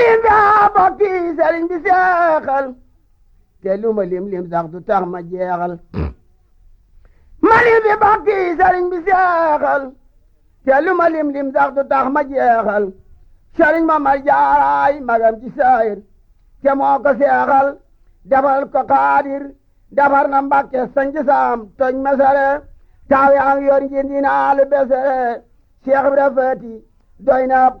lim daa bokk ci sëriñ bi seexal te lu ma lim lim sax du tax ma jeexal hmm. ma lim bi bokk ci bi seexal te lu ma lim lim sax du tax ma jeexal sëriñ ma ma magam ci saayir te moo ko seexal defal ko xaadir defar na mbàkke sanc saam toñ mesere taaw yaa ngi yor njindinaalu besere Cheikh Ibra Fati doy na ab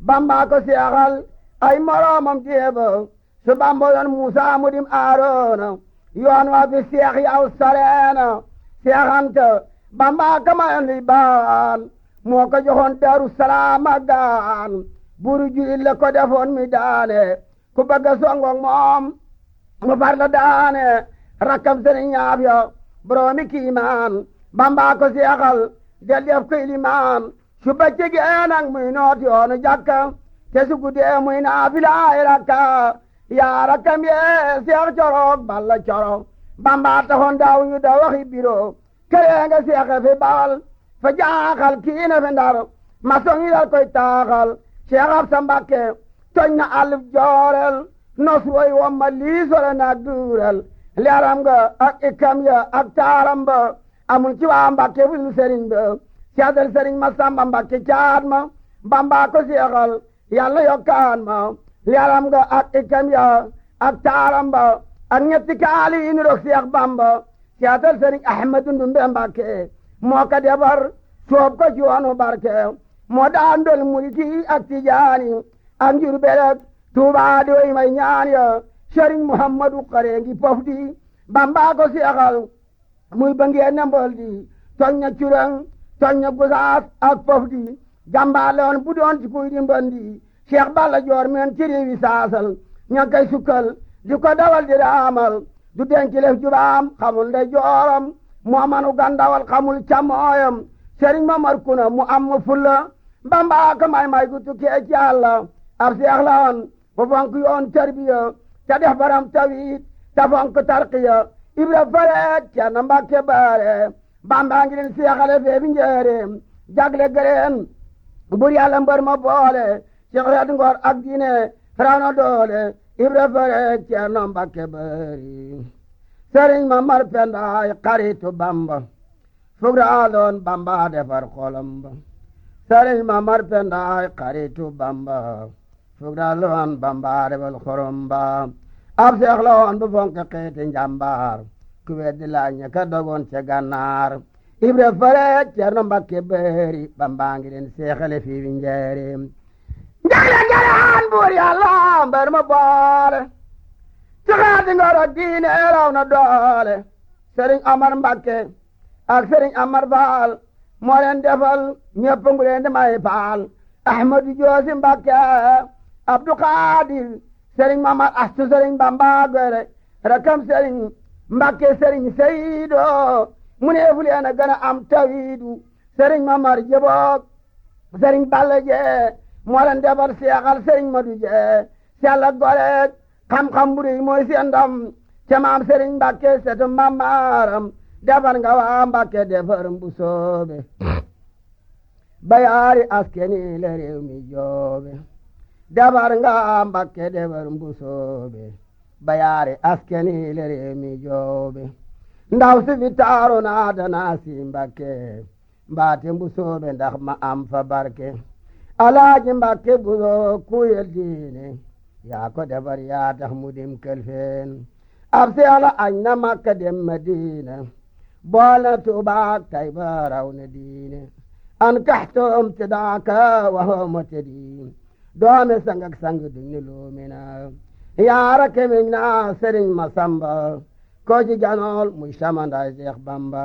bamba seexal ay moroomam téeba su bamba muusa mu dim aaroona yoon wa fi seex yaw saleena seexanta bamba kamayoon li baan moo ko joxoon daru salaama gaan buru jullit la ko defoon mi daane ku bëgga songoog moom mu far la daane rakkam seni ñaaf ya boroomi kiimaan bamba ko seexal del def ko ilimaan su bëccëg ee muy noot yoonu jàkka te su guddee muy naafila rakka yaa yee seex corook balla coro bamba taxoon daaw ñu da waxi biro këree nga seexe fi bawal fa jaaxal kiina fi ndar ma soŋ yi dal koy taaxal seex ab sa alif joorel nos woy liisole naag duurel leeram nga ak ikam ya ak taaram ba ci waa mbàkke ful caatal sëriñ Masamba Mbakke caat ma Bamba ko seexal yàlla yokkaan ma leeram nga ak ikam ya ak taaram ba ak ñetti kaali yi niroog Seex Bamba caatal sëriñ Ahmadu Ndumbe Mbakke moo ko defar soob ko ci barke moo daan dol mulki ak tijaani ak Njurbel ak may ñaan ya sëriñ Muhammadu xare ngi pof di Bamba muy ba ngeen di toñ na soñña gusaas ak pof di jàmbaale woon bu doon ci kuy dimbandi Cheikh Balla Joor meen ci réewi saasal ña sukkal di ko dawal di raamal du denc jubaam xamul nde jooram moo manu gandawal xamul camooyam sëriñ Mamar Kuna mu am ma fulla Bamba ka may gu tukkee ci Yàlla ab seex la woon bu fonk yoon tarbiya ta def baram tawit ta fonk tarqiya Ibra fareet ca na Mbàkke bambaa ngi leen seexale fee bi njéeréem jagle mbër ma boole ci ngor ak diine faraano doole ibra fere ceerno mbakke bëri sëriñ ma mar pendaay xaritu bamba fugraaloon bamba defar xolam ba sëriñ ma mar pendaay xaritu bamba fugraaloon bamba defar xolam ba ab seex la woon bu fonk xeeti njàmbaar ku weddi laaj ña ka dogoon ca gànnaar ibra fare cerno mbakke beeri bamba ngi leen seexale njaraan buur yàlla mbar ma boole ci xaati ngoro diine raw na doole sëriñ amar mbakke ak sëriñ amar faal moo leen defal ñëpp di may faal ahmadu joosi mbakke abdu xaadir sëriñ mamar astu sëriñ bamba gore rakam sëriñ Mbàkke sëriñ Seydo mu ne fu leen a gën a am tawidu sëriñ Mamar Jeboog sëriñ Jee moo leen defar seexal sëriñ Madu Jee sell ak goreeg xam-xam bu rëy mooy seen ndam ca maam sëriñ nga waa Mbàkke defar bu bayaari askeni la joobe defar nga Mbàkke defar bu ba yaari askan mi joobe ndaw si fi taaru mbakke mbaate mbu ndax ma am fa barke alaaji mbakke buso kuyel diine yaa ko defar mu dim këlfeen ab ala añ na makka dem madina bool na tuubaak tay ba diine an kaxtoom ti daaka waxooma te diin doome sangak sang duñ ni luumina yaara kemeñ naa sëriñ Masamba koo ci janool muy samandaay Seex Bamba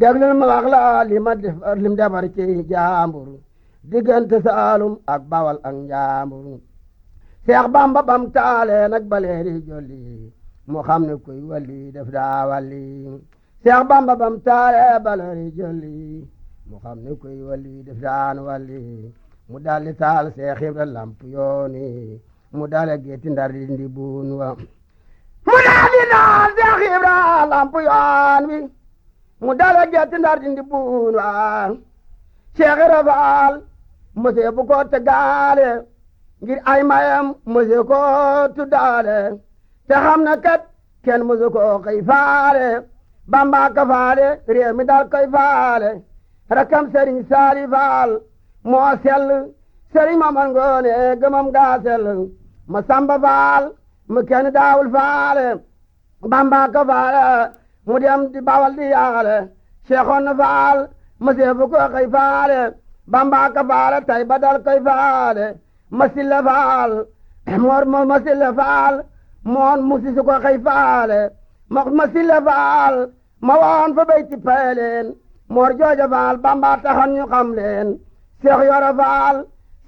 déglul ma wax la li ma def lim defar Saalum ak Bawal ak njaambur Seex Bamba bam taale nag baleeri jolli mu xam ne kuy walli def daa walli Seex Bamba bam taale baleeri jolli mu xam ne kuy walli def daan walli mu dalli taal Seex Ibra lamp mu daale géeti ndar di buun wa mu daal di naan Seex di buun wa Seex Ibra Faal mosee bu ko tëggaale ngir ay mayam mosee ko tuddaale te xam na kat kenn mosee ko faale Bamba faale réew mi faale rakam Sëriñ Saali Faal moo sell sëriñ ma man ngoone gëmam gaa ma samba faal mu kenn daawul faale bamba faale mu dem di bawal di yaale seexoon faal ma seefu kay faale bamba faale tay ba faale ma silla faal moor ma silla faal moon mu sisu kay faale ma silla faal ma woon fa bay ti moor jooja faal bamba taxan ñu leen seex yoro faal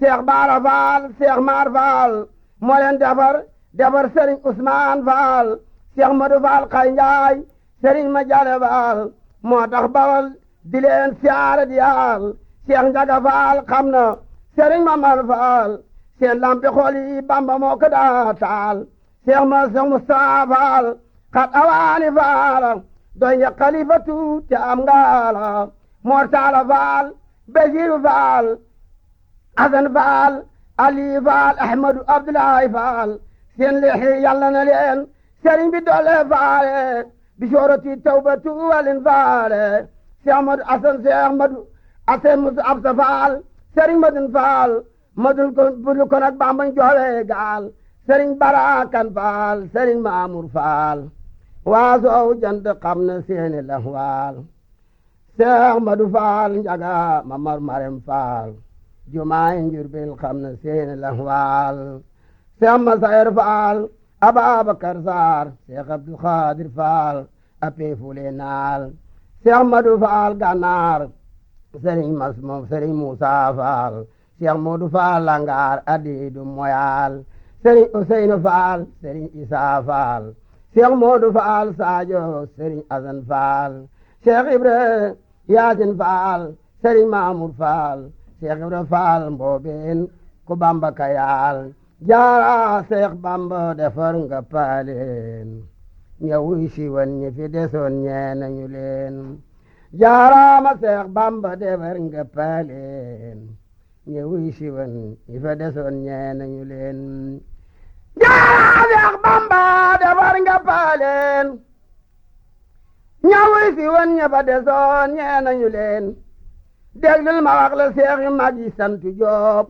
Cheikh Baara Faal Cheikh Maar Faal moo defar defar Serigne Ousmane Faal Cheikh Modou Faal Xay Njaay Serigne Madiale Faal moo tax bawal di siyaare di yaal Njaga Faal xam na Serigne Mamar Faal seen lampi xool Bamba moo ko taal Cheikh ma Cheikh Faal xat awaani Faal doy nga xalifatu te am ngaala Mor Talla Faal Basiru Faal Asan Faal Ali Faal Ahmadu Abdoulaye Faal seen leexi yàlla na leen sëriñ bi doole faale bi soorati tawbatu walin faale Cheikh Ahmadu Asan Cheikh Ahmadu Absa Faal sëriñ Madun Faal madul ko bulu ko joxe gaal sëriñ Barakan Faal sëriñ Maamur Faal waa soow jant xam na seeni laxwaal Cheikh Ahmadu Faal njaga Mamar Marem Faal jumaay Njurbel xam na seeni laxwaal Seex Masayer Faal Ababacar Saar Seex Abdul Xaadir Faal apee fule naal Seex Faal Gànnaar Sëriñ Mas moom Sëriñ Faal Seex Moodu Faal Langaar adiidu moyaal Sëriñ Useynu Faal Sëriñ Isaa Faal Seex Moodu Faal Saajo Sëriñ Asan Faal Seex Ibre Yaasin Faal Sëriñ Maamur Faal Seex Ibra Faal mboobeen ku Bamba kayaal jaara Seex Bamba defar nga paaleen ñëw si woon ñi fi desoon ñee nañu leen jaaraama Seex Bamba defar nga paaleen ñëw si woon ñi fi desoon ñee nañu leen jaara Seex Bamba defar nga paaleen ñëw si woon ñi fa desoon ñee nañu déglul ma wax la seex yu mag yi sant Joob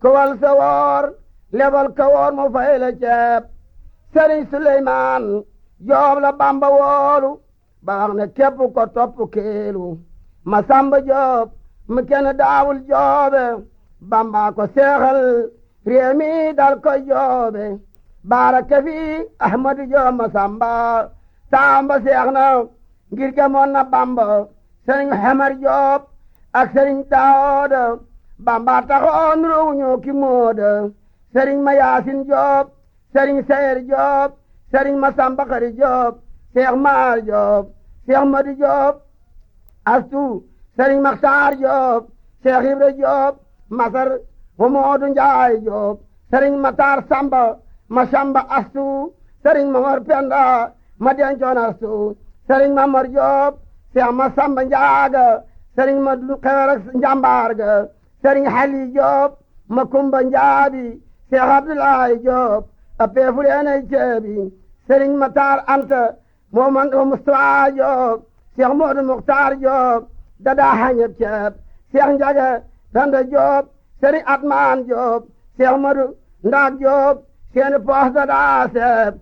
ku wal woor lebal ka mu fay la ceeb sëriñ Suleymaan Joob la Bamba woolu ba wax ne képp ko topp keelu ma samba Joob mu kenn daawul joobe Bamba ko seexal réew dal ko joobe baara kefi Ahmadu Joob ma samba samba seex na ngir gëmoon na Bamba sëriñ Xamar Joob ak sëriñ taawooda bamba taxoon ruuñu ki mooda sëriñ ma yaasin joob sëriñ seer joob sëriñ ma samba xari joob seex maar joob seex madi joob astu sëriñ maxtaar joob seex ibra joob masar wa moodu njaay joob sëriñ ma taar samba ma samba astu sëriñ ma mor penda ma dencoon astu sëriñ ma mor joob seex ma samba njaaga sëriñ Madlu Xewar ak njàmbaar ga sëriñ Xali Joob ma kumba njaabi Seex Abdulaay Joob a peefu leen ay ceebi sëriñ Mataar Anta moo man wa Joob Seex Moodu Muxtaar Joob dadaa xañeb ceeb Seex Njaga Danda Joob sëriñ Atmaan Joob Seex Moodu Ndaak Joob seeni poos dadaa seeb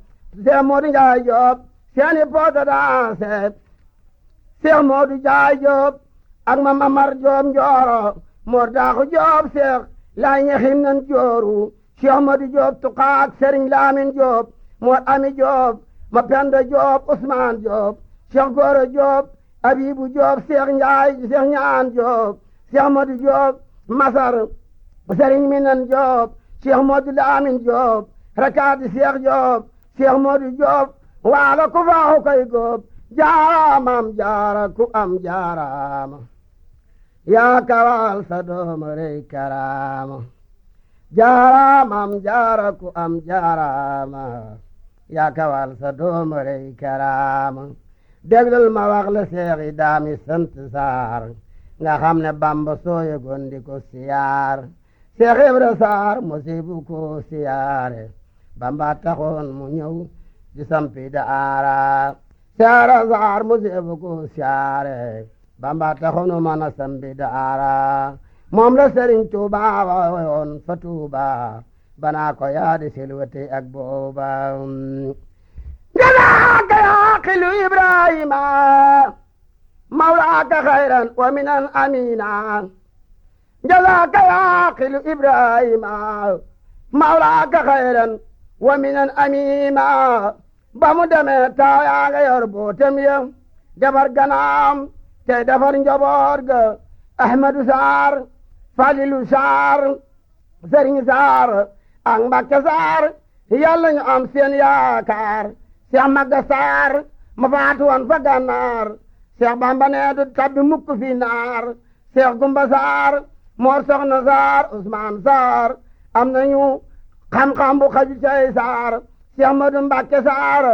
Seex Moodu Njaay Joob seeni poos dadaa seeb Seex Moodu Njaay Joob ak ma mamar joob njooro moor daaxu joob seex laay ñexim nan jooru Cheikh Madi Joob tuqaak Serigne Laamin Joob moor ami joob ma penda joob Ousmane Joob Cheikh Gora Joob Abibu Joob Seex Njaay Seex Ñaan Joob Cheikh Madi Joob Masar Serigne Minan Joob Cheikh Madi Laamin Joob rakaati Cheikh Joob Cheikh Madi Joob waala ku faaxu koy góob jaaraamam jaara ku am jaaraama yaa kawal sa doom rey karaama jaaraamam jaara ku am jaaraama yaa kawal sa doom karaama déglul ma wax la seexi daami saar nga xam ne bamba sooye gondi siyaar seex ibra saar musibu ko siyaare bamba taxoon mu ñëw di sampi daara seera saar musibu ko siyaare bamba taxoonu mën a sambi daara moom la sëriñ tuuba wawoon fa tuuba banaa ko yaadi silwati ak booba nganaaka yaaqilu ibrahima mawlaaka xayran wa minan amina jazaaka yaaqilu ibrahima mawlaaka xayran wa minan amima ba mu demee taa yaa nga ya jabar ganaam tey defar njaboot ga ahmadu saar falilu saar sëriñ saar ak mbakke saar yàlla ñu am seen yaakaar seex magga saar ma faatu woon fa gànnaar seex bamba nee tabbi mukk fi naar seex gumba saar moor soxna saar usmaan saar am nañu xam-xam bu xaju cay saar seex madu mbakke saar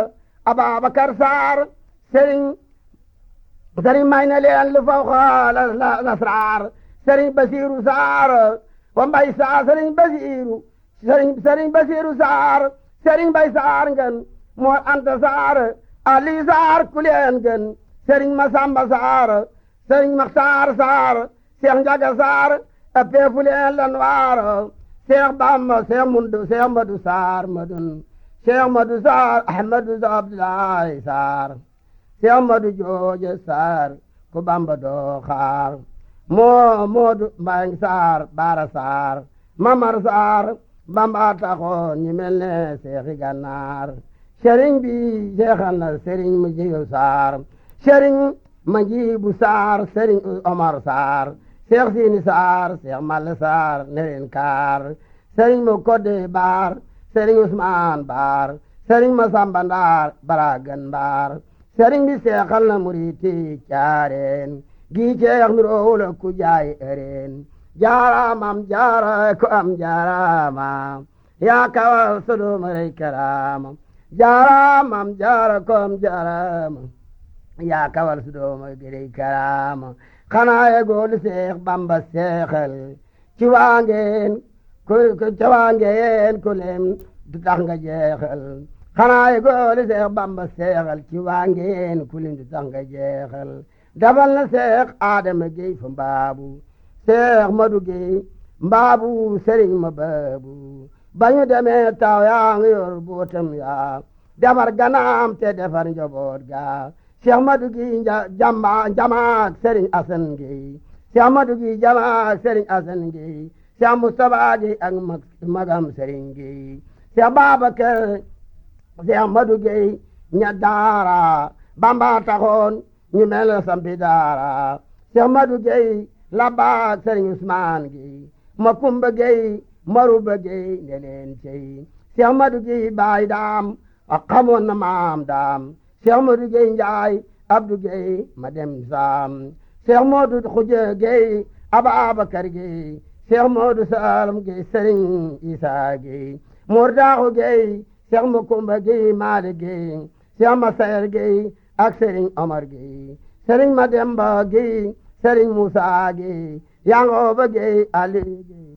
ababakar saar sëriñ sëriñ may na leen lu fawqa lasraar sëriñ basiiru saar wa mbay saar sëriñ basiiru sëriñ basiiru saar sëriñ mbay saar ngeen moo anta saar ali saar kuleen ngeen sëriñ masamba saar sëriñ maxtaar saar seex njaga saar a peefuleen lan waar seex bamba seex mundu seex madu saar madun seex madu saar ahmadu abdulaay saar si amadu jooje saar ku bamba doo xaar moo moodu mbaang saar baara saar mamar saar bamba taxoon ñi mel ne seexi gannaar sëriñ bi jeexal na sëriñ mu jiyu saar sëriñ ma jibu saar sëriñ omar saar seex siini saar seex mall saar nerin kaar sëriñ mu kodde baar sëriñ usmaan baar sëriñ ma samba ndaar baar sëriñ bi seexal na muriti caareen gi ceex mi roowul ku jaay ëreen jaaraamam jaara ko am jaaraamam yaa kawal sodom rey karaamam jaaraamam jaara ko am jaaraamam yaa kawal sodom rey karaamam xanaa ye seex bamba seexal ci waangeen ko ca waangeen ku leen du tax nga jeexal xanaa yi góoli seex bamba seexal ci waa ngeen ku leen di tax na seex aadama géy fa mbaabu seex madu géy mbaabu sëriñ ma baabu ba ñu demee taw yaa ngi yor bootam yaa defar ganaam te defar njaboot gaa seex madu géy jamaak sëriñ asan géy seex madu géy jamaak sëriñ asan géy seex mustapha géy ak magam sëriñ géy seex baabakar Seex Amadu Gey ña daara Bamba taxoon ñu daara Seex Amadu Gey la baag Usmaan Gey ma Kumba Gey ma Ruba Gey ne leen cey baay daam a na maam daam Seex Amadu Gey Njaay Abdu Gey ma dem saam Seex Moodu Xuja Gey Abaabakar Gey Seex Moodu Saalum Gey Sëriñ Isaa Gey Murdaaxu Gey Seex Makumba Géey Maalik Géey Seex Masayer Géey ak Sëriñ Omar Géey Sëriñ Mademba Géey Sëriñ Musaa Géey Yangooba Géey Ali Géey